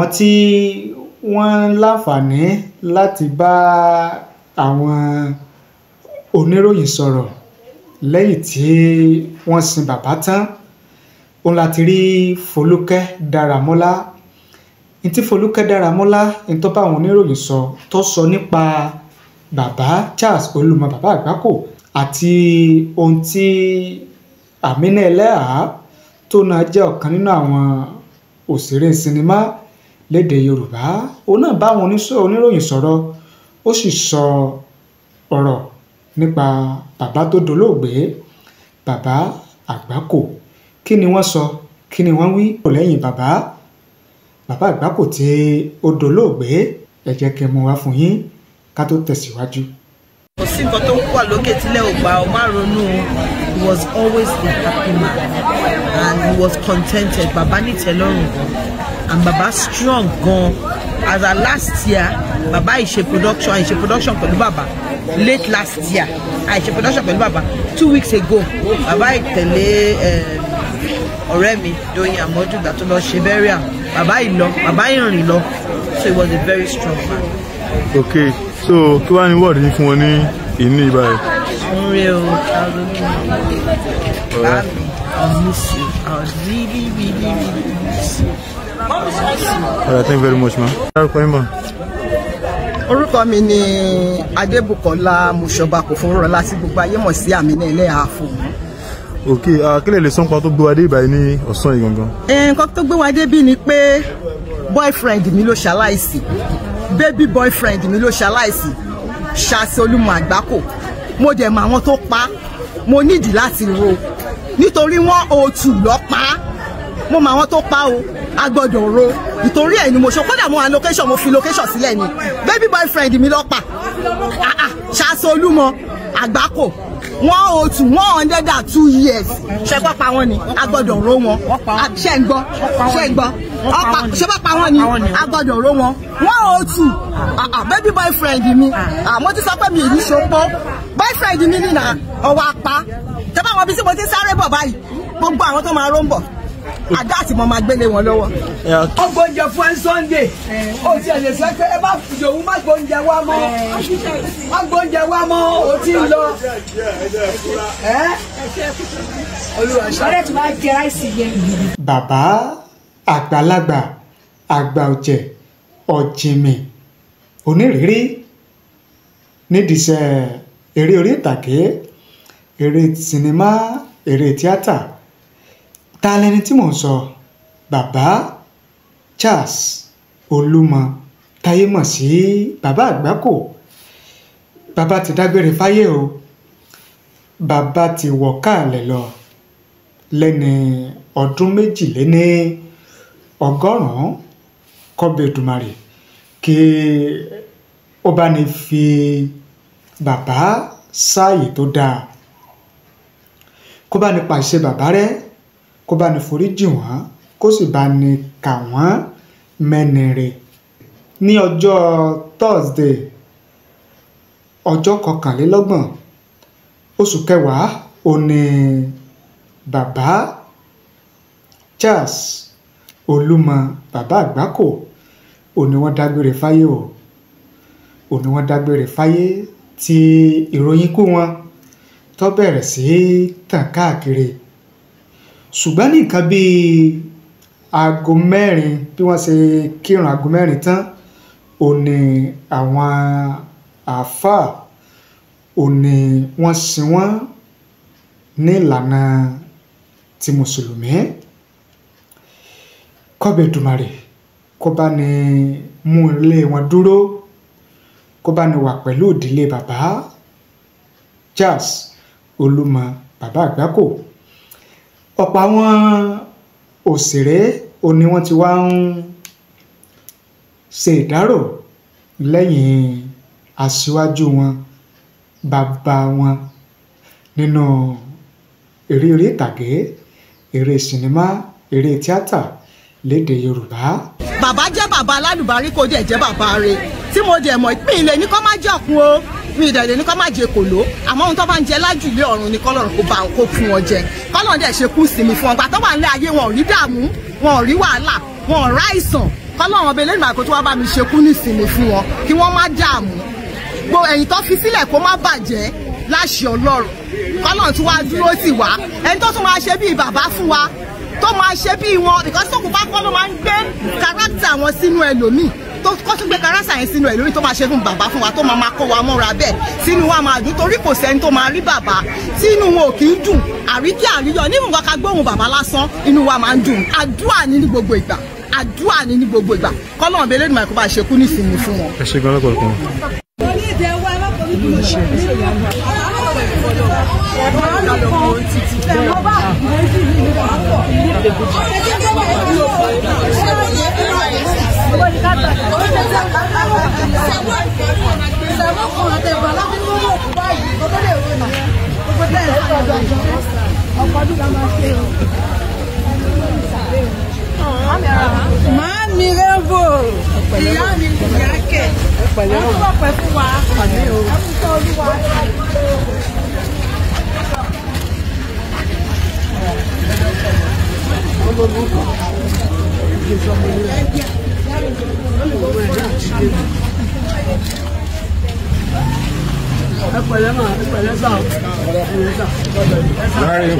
àwọn tí wọ́n láǹfààní láti bá àwọn oníròyìn sọ̀rọ̀ lẹ́yìn tí wọ́n sin bàbá tán òun láti rí Folúkẹ́ Dáramọ́lá ntí Folúkẹ́ Dáramọ́lá ntó bá àwọn oníròyìn sọ tó sọ nípa bàbá Charles Olúmọ bàbá Àgbákò àti ohun tí Amina Ẹlẹ́hàá tó náà jẹ́ ọ̀kan nínú àwọn òṣèré sinimá lédè yorùbá òun náà bá àwọn oníròyìn sọ̀rọ̀ ó sì sọ ọ̀rọ̀ nípa bàbá tó dolóògbé bàbá àgbákò kí ni wọ́n sọ kí ni wọ́n wí kò lẹ́yìn bàbá bàbá àgbákò tí ó dolóògbé ẹ jẹ́ kí n mú wá fún yín ká tó tẹ̀síwájú. kò sí nǹkan tó wà lókè tílẹ̀ ò ọ má ronú he was always a happy man and he was contented bàbá nìtẹ́lọ́rùn and baba strong gan as a last year baba is a production a production for baba late last year ah, a production for baba two weeks ago baba ìtẹ̀lé eh, ọ̀rẹ́ mi doyin amadu ìgbà tó lọ ṣe burial baba ìlọ baba ìrìn lọ so he was a very strong man. okay so kí what ní wọ́ọ̀dù in Nibai? wọn ní i miss you i really really really miss you. All thank you very much, ma'am. Dárúkọ yín bọ̀. Orúkọ mi ni Adébùkọ́lá Mùsọ̀bà kò fún rọlá tí gbogbo ayé mọ̀ sí àmì náà ẹlẹ́yà fún un. Ok, kí lè lè sọ nǹkan tó gbé wa dé ìbàyí ní ọ̀sán yìí gangan? Eh, nǹkan tó gbé wa dé bí ni pé boyfriend mi ló ṣaláìsí, baby boyfriend mi ló ṣaláìsí, ṣàṣì olúmọ àgbákò, mo dẹ̀ mọ àwọn tó pa, mo nídìí láti ro nítorí wọ́n òtù lọ́pàá mo mọ àwọn tó pa o a gbọ́dọ̀ ro ìtorí ẹ̀ ni mo ṣe kódà mo wà location mo fi location sílẹ̀ ni baby boyfriend mi lọ pa ah, ah, ṣàṣolúmọ àgbákò wọn ò tù one hundred and two years ṣe kọ́ pa wọn ni a gbọ́dọ̀ ro wọn ṣe ń gbọ́ ṣe ń gbọ́ ṣe bá pa wọn ni a gbọ́dọ̀ ro wọn wọn ò tù ah, baby boyfriend mi mo ti sọ pé mi ì ní ṣopó boyfriend mi nìyà ọwọ́ apá tẹ́ bá wọn bí sí mo ti sáré bọ̀ báyìí gbogbo àwọn tó máa ró ń bọ̀ àdá àti mọ̀ máa gbélé wọn lọ́wọ́. ọgbọ oúnjẹ fún ẹ Sunday eh. o ti ẹ̀lẹ́ sọ pé ẹ bá yòówù má gbọ oúnjẹ wá mọ́ eh. má gbọ oúnjẹ wá mọ́ o ti ń lọ. Eh. bàbá àgbàlagbà àgbà ọ̀jẹ̀ ọ̀jìnmí onírìírí nídìí eré orí ìtàgé eré sinimá eré tíátà ta lẹni tí mò ń sọ bàbá Charles Olúmọ táyé mọ̀ sí bàbá Àgbákò bàbá ti dágbére fáyé o bàbá ti wọ̀ káàlẹ̀ lọ lẹ́ni ọdún méjìléní ọgọ́rùn-ún kọ́bẹ̀ Èdùmàrè kí ó bá ní fi bàbá sáàyè tó dáa kó bá ní pàṣẹ bàbá rẹ̀ kó bá ní foríjì wọ́n kó sì bá ní kà wọ́n mẹ́ni ní ọjọ́ Thursday ọjọ́ kọkànlélọ́gbọ̀n oṣù kẹwàá òní bàbá Charles Olúmọ bàbá Àgbákò òní wọ́n dágbére fáyé o òní wọ́n dágbére fáyé tí ìròyìn ikú wọn tó bẹ̀rẹ̀ sí tàn káàkiri ṣùgbọ́n ní nǹkan bíi aago mẹ́rin bí wọ́n ṣe kírun aago mẹ́rin tán ò ní àwọn àáfàá ò ní wọ́n sin wọ́n ní ìlànà ti mùsùlùmí kọ́bẹ̀ dùmarè kó bá ní mú ilé wọn dúró kó bá ní wà pẹ̀lú ìdílé bàbá Charles Olúmọ bàbá Àgbákò ọ̀pọ̀ àwọn òṣèré òní wọ́n ti wá ń ṣe ìdárò lẹ́yìn aṣíwájú wọn bàbá wọn nínú eré orí ìtàgé eré sinimá eré tíátà lédè yorùbá. bàbá jẹ́ bàbá alálùbárí kò dẹ̀ jẹ́ bàbá rẹ̀ tí mo dẹ̀ mọ̀ ìpín ilé ní kó má jọ̀kun o mi ìdẹ̀lẹ̀ ní kọ́ má jẹ kò ló àmọ́ ohun tó bá ń jẹ lájùlé ọ̀run ni kọ́lọ́run kó bá kó fún wọn jẹ kọ́lọ́run dẹ̀ ṣe kú sinmi fún wọn gbà tó wà nílé ayé wọn ò rí dààmú wọn ò rí wàhálà wọn ò rá kọ́lọ́run ọbẹ̀ lẹ́nu àkótó wá bá mi ṣe kú ní sinmi fún wọn kí wọ́n má dààmú gbo ẹ̀yìn tó fi sílẹ̀ kó má bàjẹ́ láṣẹ ọlọ́run kọ́lọ́run tún wá dúró tì wá ẹni tó tún máa ṣe bíi bàbá fún wa tó máa ṣe bíi wọn because tókùnfà kọ́ ló máa ń gbé káràkítà wọn sínú ẹlòmíì tó kọ́ tún gbé kara science sínú ẹ̀ lórí tó máa ṣe fún bàbá fún wa tó máa máa kọ́ wa mọ́ra bẹ́ẹ̀ sínú wa máa dùn torí kò sẹ́ni tó máa rí bàbá sínú wọn ò kì í dùn àríkí àríyọ nínú wa ká gbóhùn bàbá lásán inú wa máa ń dùn àdúrà ní ní gbogbo ìgbà àdúrà ní ní gbogbo ìgbà kọ́lọ́run bẹ́ẹ̀ lẹ́nu màkúbà ṣe kú nísìnyí fún wọn. ẹ ṣe gbọ́n lọ́pọ̀lọpọ̀. Thank you. pẹ̀lẹ́ mà ẹ pẹ̀lẹ́ sà ọ ẹ pẹ̀lẹ́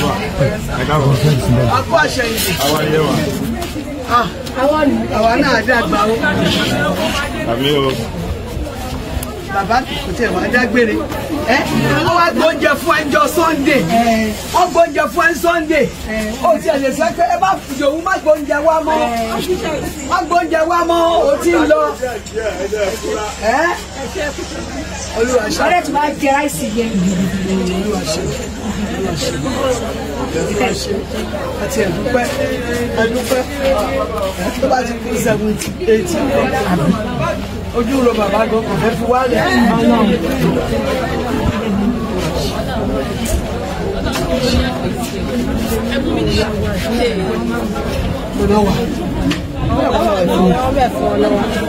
sà ẹ káàbọ̀ akó àṣẹyìn. Ah, àwa yẹ wa. àwa náà dàgbà o. àbí o bàbá kò tẹ̀ wá dágbére ẹ wọ́n wá gbóúnjẹ fún ẹnjọ Sunday wọ́n gbóúnjẹ fún ẹn Sunday ó ti ẹ̀ lè sọ pé ẹ bá yòówù má gbóúnjẹ wá mọ́ má gbóúnjẹ wá mọ́ ó ti lọ ẹ olùwàṣà. ọ̀rẹ́ tí wàá jẹ ráìsì yẹn ìlú òṣèlú ìlú ká ṣe àti ẹ̀dúpẹ́ ẹ̀dúpẹ́ tó bá ti kú seventy eighty ojú ro bàbá gan kò fẹ́ fi wálẹ̀ mo lọ ẹ̀fọ́ lọ́wọ́.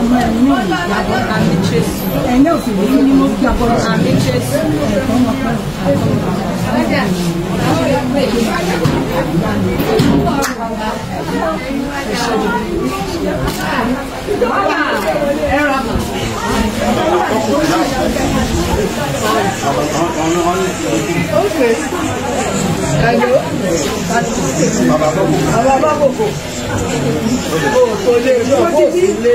ọmọ ẹ̀mí náà lè jábọ́ àmì jésù ẹ̀yin náà sì lè ní mo jábọ́ àmì jésù ẹ̀kọ́ wọn pẹ̀lú Okay. Hello. Bàbá bàbá bòkò. Bòkò lè lọ bòkò lè.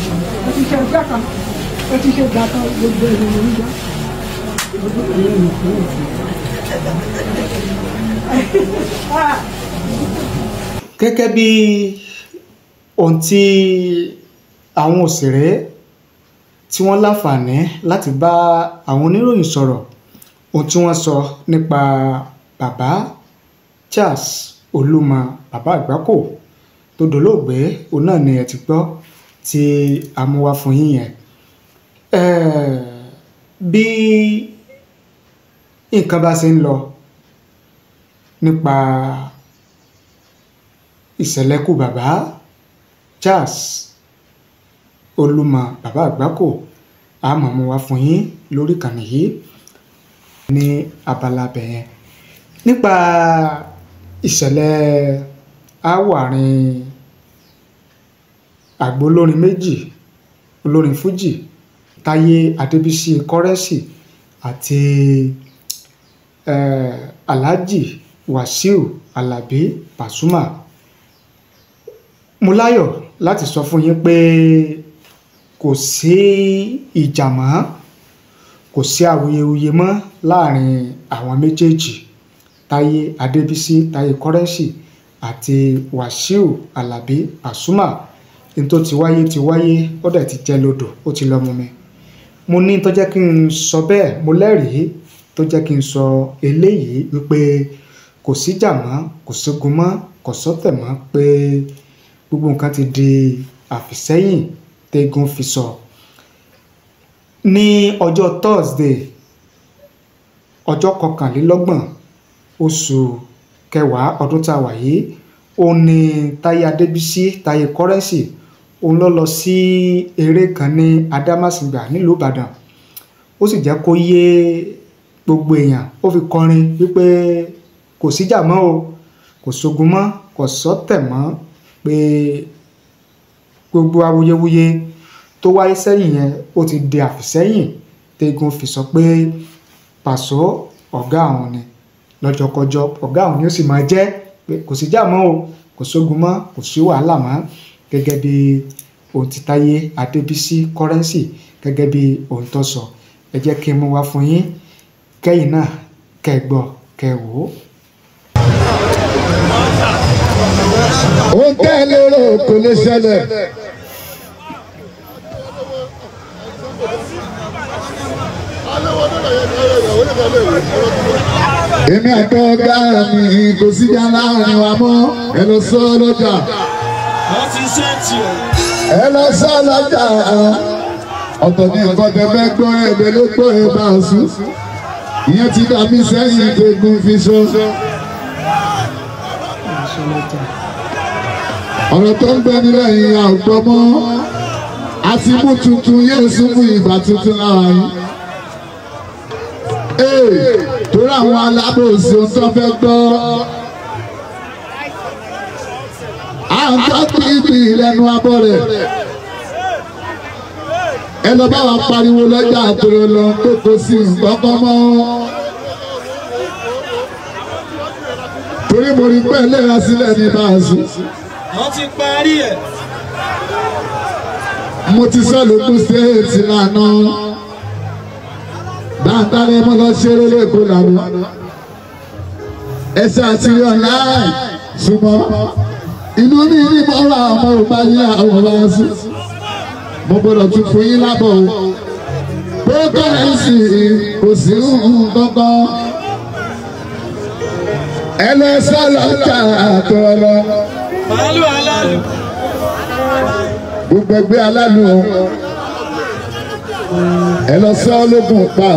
ti ṣe ẹgbẹ́ kan ó ti ṣe ìgbà kan gbogbo èrò oníjà gbogbo èrò oníjà. gẹ́gẹ́ bí ohun tí àwọn òṣèré tí wọ́n láǹfààní láti bá àwọn oníròyìn sọ̀rọ̀ ohun tí wọ́n sọ nípa bàbá Charles Olúmọ bàbá Àgbákò tó dolóògbé òun náà ni ẹ ti gbọ́ tí a mú wá fún yín yẹn eh, bí nǹkan bá ṣe ń lọ nípa ìṣẹ̀lẹ̀kù bàbá Charles Olúmọ bàbá Àgbákò a máa mú wá fún yín lórí ìkànnì yìí ní abala abẹ nípa ìṣẹ̀lẹ̀ aáwọ̀ àárín àgbo olórin méjì olórin fújì táyé adébísí kọ́rẹ́sì àti eh, alhaji wàsíù alábí pasuma mo láyọ̀ láti sọ fún yín pé kò sí ìjà mọ́ kò sí awuyewuye mọ́ láàrin àwọn méjèèjì táyé adébísí táyé kọ́rẹ́sì àti wàsíù alábí pasuma n tó ti wáyé ti wáyé ó dẹ̀ ti jẹ́ lodò ó ti lọ mu mi mo ní tó jẹ́ kí n sọ bẹ́ẹ̀ mo lẹ́rìí tó jẹ́ kí n sọ eléyìí wípé kò síjà mọ́ kò sígun mọ́ kò sọ́tẹ̀ mọ́ pé gbogbo nǹkan ti di àfìsẹ́yìn tẹ́gun fi sọ ní ọjọ́ Thursday ọjọ́ kọkànlélọ́gbọ̀n oṣù kẹwàá ọdún tá a wà yìí ó ní Táyé Adébísí Táyé Currency òun ló lọ sí eré kan ní Adámàsìgbà nílùú Ìbàdàn ó sì jẹ́ kó yé gbogbo èèyàn ó fi kọrin wípé kò síjà mọ́ o kò sógun mọ́ kò sọ́tẹ̀ mọ́ pé gbogbo awuyewuye tó wáyé sẹ́yìn yẹn ó ti di àfìsẹ́yìn tẹ́gun fi sọ pé pàṣọ ọ̀gá àwọn ni lọ́jọ́kọjọ́ ọ̀gá àwọn ni ó sì máa jẹ́ pé kò síjà mọ́ o kò sógun mọ́ kò sí wàhálà mọ́ gẹ́gẹ́ bí ohun tí Táyé Adébísí Currency gẹ́gẹ́ bí ohun tó sọ ẹ jẹ́ kí n mú wá fún yín kẹ́yìn náà kẹ́ ẹ gbọ́ kẹ́ ohun tẹ́ ẹ lérò kò lè ṣẹlẹ̀. èmi àti ọ̀gá kò síjà láàrin wa mọ́ ẹ lọ sọ ọ́ lọ́jà wọ́n ti ṣe ti o. ẹ lọ sálájà ọ̀tọ̀ ní nǹkan tẹ́fẹ́ gbọ́ èdè ló gbọ́ èdè àṣù ìyẹn ti dà mí sẹ́yìn ìdègùn fi so. ọ̀rọ̀ tó ń gbé nílẹ̀ yìí àgbọ̀ mọ́ àti mú tuntun yéé súnmù ìgbà tuntun lára yìí torí àwọn alábòsí ohun tó fẹ́ gbọ́. àǹtá pìpì lẹ́nu abọ́ rẹ̀ ẹ lọ bá wa pariwo lọ́jà àtòrò lọ tó kó sí nǹkan mọ́. torí mo rí pé ẹlẹ́ra sílẹ̀ ní báàzù. wọ́n ti parí ẹ̀. mo ti sọ lókun stéètì lánàá dáadáa ni mo ṣeré lẹ́kọ̀ọ́ làwọn ẹsẹ̀ àti yọ̀ láì ṣùgbọ́n inú ní ilé mọ́ra àmọ́ ò bá yẹ àwọn ọba sí mo gbọ́dọ̀ tún fún yín lábọ̀ o bó bẹ̀rẹ̀ sí i kò sí ń gbọ́ngàn ẹlẹ́sẹ̀ lọ́tà àtọ̀rọ̀ gbogbo ẹgbẹ́ alálù o ẹ ológun pa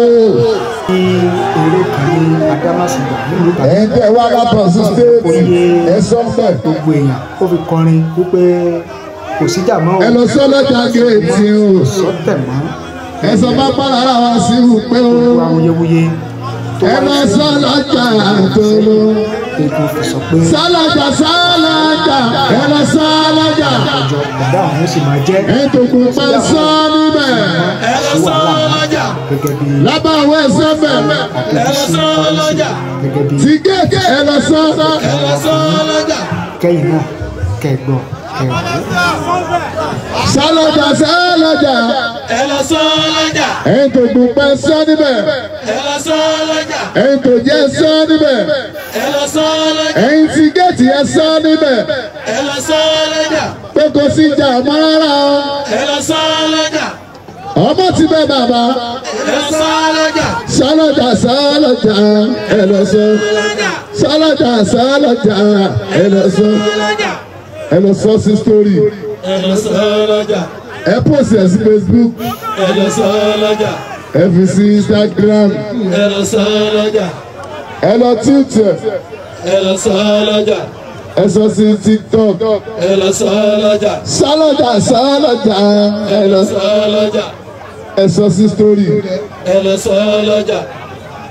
o ẹ ní èrò kan stéètì ẹ fẹ́. gbogbo èèyàn ó fi kọrin wípé kò síjà mọ́. ẹ lọ sí ọlọ́jà o. ẹ sọ bá pàrọ̀ ara wa sí wù pé o. ẹ lọ sí ọlọ́jà àtọ́lọ́. Ègùn fi ẹ lọ sálàjà. Ẹ tó kún pẹ́ sálàjà bẹ̀. ẹ̀rọ̀sán ọlọ́jà. lábà àwọn ẹ̀sán bẹ̀. ẹ̀rọ̀sán ọlọ́jà. ti géètì ẹ̀rọ̀sán. ẹ̀rọ̀sán ọlọ́jà. kẹ́yìn náà kẹ́gbọ́ kẹ́wọ́. sálọ́jà sálọ́jà. ẹ̀rọ̀sán ọlọ́jà. ẹ̀yin tó gbùpẹ́ sọ́ níbẹ̀. ẹ̀rọ̀sán ọlọ́jà. ẹ̀yin tó jẹ́ sọ́ níbẹ̀. ẹ̀rọ̀sán ọlọ́jà. ti géètì ẹ̀ sọ́ níbẹ̀. ẹ̀rọ̀sán ọlọ́jà. pé kò sí ìjà ọmọ ti bẹ bàbá. ẹ sálọjà. sálọjà sálọjà ẹ lọ sọ. sálọjà sálọjà ẹ lọ sọ. ẹ lọ sọ sí story. ẹ lọ sálọjà. ẹ pòsì ẹ sí Facebook. ẹ lọ sálọjà. ẹ fi sí Instagram. ẹ lọ sálọjà. ẹ lọ Twitter. ẹ lọ sálọjà ẹ sọ sí tiktok. ẹ lọ sọ ọ lọjà. sálọjà sálọjà. ẹ lọ sọ ọ lọjà ẹ sọ sí sítórì. ẹ lọ sọ ọ lọ́jà.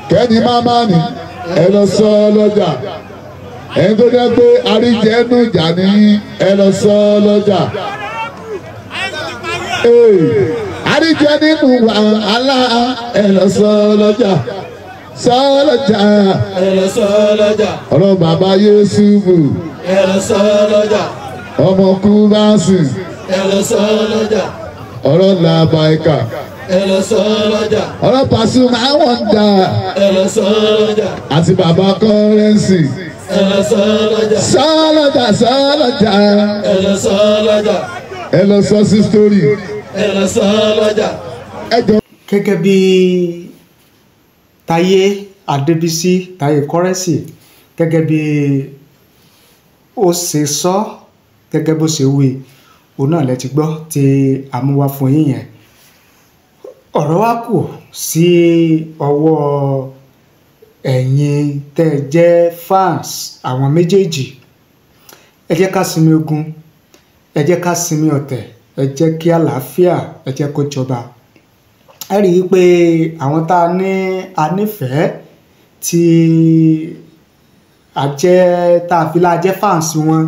kẹ́ni máa máa nì ẹ lọ sọ ọ lọ́jà. ẹni tó dẹ́ pé àríjẹ́ nù jà ní ẹ lọ sọ ọ lọ́jà. àríjẹ́ nínú wàhálà ẹ lọ sọ ọ lọ́jà sọ́lọ́jà. ẹ̀rọ sọ́lọ́jà. ọ̀rọ̀ bàbá Yéṣùbù. ẹ̀rọ sọ́lọ́jà. ọmọ kúrásì. ẹ̀rọ sọ́lọ́jà. ọ̀rọ̀ làbàìkà ẹ lọ sọ Pasuma wọ́n dà. ẹ lọ sọ lọ́jà. àti bàbá kọ́rẹ́nsì. ẹ lọ sọ lọ́jà. sọ lọ́jà sọ lọ́jà. ẹ lọ sọ lọ́jà. ẹ lọ sọ sí sítórì. ẹ lọ sọ lọ́jà. ẹ gẹ́gẹ́ bí Táyé Adébísí Táyé kọ́rẹ́nsì gẹ́gẹ́ bí ó ṣe sọ gẹ́gẹ́ bó ṣe wí òun náà lẹ ti gbọ́ tí a yẹn ọ̀rọ̀ wá kù sí ọwọ́ ẹ̀yin tẹ́ ẹ jẹ́ fans àwọn méjèèjì ẹ jẹ́ ká sinmi ogun ẹ jẹ́ ká sinmi ọ̀tẹ̀ ẹ jẹ́ kí àlàáfíà ẹ jẹ́ kó jọba ẹ rí i pé àwọn tá a ní a nífẹ̀ẹ́ tí a jẹ́ tá a fi la jẹ́ fans wọn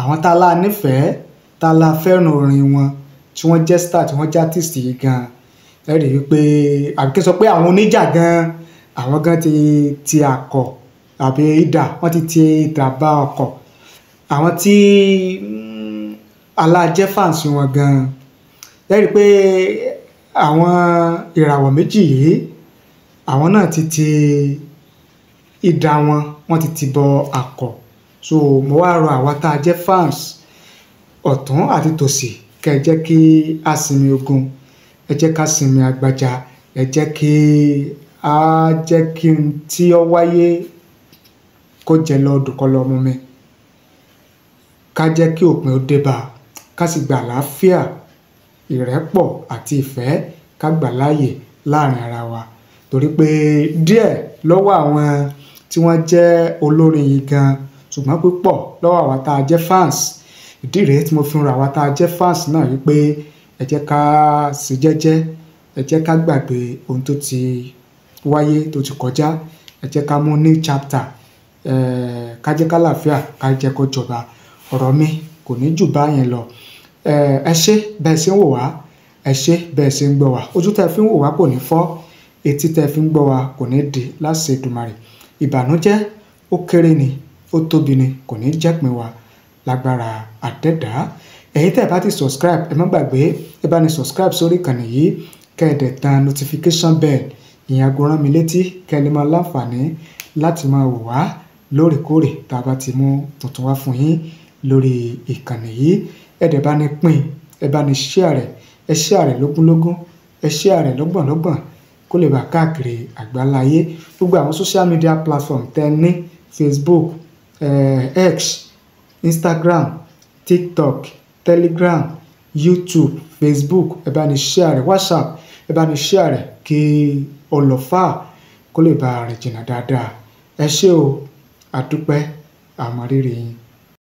àwọn tá a la nífẹ̀ẹ́ tá a la fẹ́ràn orin wọn tí wọ́n jẹ́ star tí wọ́n jẹ́ artist yìí gan-an ẹ rí i pé àbíkẹ́ sọ pé àwọn oníjà gan àwọn gan ti ti àkọ àbí ìdà wọ́n ti ti ìdà bá ọkọ̀ àwọn tí mm, alájẹ́fàǹsì wọn gan ẹ rí i pé àwọn ìràwọ̀ méjì yìí àwọn náà ti ti ìdá wọn wọn ti ti bọ akọ so mo wá rọ àwa tá a jẹ́ fans ọ̀tún àti tòsì kẹ́ kí a sinmi ogun ẹ jẹ́ ká sinmi agbájá ẹ jẹ́ kí á jẹ́ kí n tí ó wáyé kó jẹ lọ́dún kọ́ lọ́mú mi ká jẹ́ kí òpin ó dé bá a ká sì gbà àlàáfíà ìrẹ́pọ̀ àti ìfẹ́ ká gbà láàyè láàrin ara wa torí pé díẹ̀ lọ́wọ́ àwọn tí wọ́n jẹ́ olórin yìí gan ṣùgbọ́n púpọ̀ lọ́wọ́ àwa tá a jẹ́ fans ìdí rèé tí mo fi ń ra àwa tá a jẹ́ fans náà wípé ẹ jẹ́ ká sì jẹ́jẹ́ ẹ jẹ́ ká gbàgbé ohun tó ti wáyé tó ti kọjá ẹ jẹ́ ká mú new chapter ká jẹ́ ká làáfíà ká jẹ́ kó jọba ọ̀rọ̀ mi kò ní jù báyẹn lọ ẹ ṣé bẹ́ẹ̀ ṣe ń wò wá ẹ ṣé bẹ́ẹ̀ ṣe ń gbọ́ wá ojú tẹ́ fi ń wò wá kò ní fọ́ etí tẹ́ fi ń gbọ́ wá kò ní di láṣẹ Èdùmàrè ìbànújẹ́ ó kéré ni ó tóbi ni kò ní jẹ́pin wa lágbára àtẹ̀dá ẹ̀yin tẹ́ ẹ bá ti subscribe ẹ má gbàgbé ẹ bá ní subscribe sórí ìkànnì yìí kẹ́ ẹ dẹ̀ tan notification bell ìyẹn aago rán mi létí kẹ́ ẹ lè máa láǹfààní láti máa wò wá lóòrèkóòrè tá a bá ti mú tuntun wá fún yín lórí ìkànnì yìí ẹ dẹ̀ bá ní pín ẹ bá ní share rẹ̀ ẹ share rẹ̀ lógúnlógún ẹ share rẹ̀ lọ́gbọ̀nlọ́gbọ̀n kó lè bá káàkiri àgbáláyé gbogbo àwọn social media platform tẹ́ ní Facebook eh, X Instagram TikTok telegram youtube facebook ẹ bá ní share rẹ̀ whatsapp ẹ bá ní share rẹ̀ kí ọlọ́fà kó lè bá rìn jìnnà dáadáa ẹ ṣé o àdúpẹ́ àmọ́ rírì yín.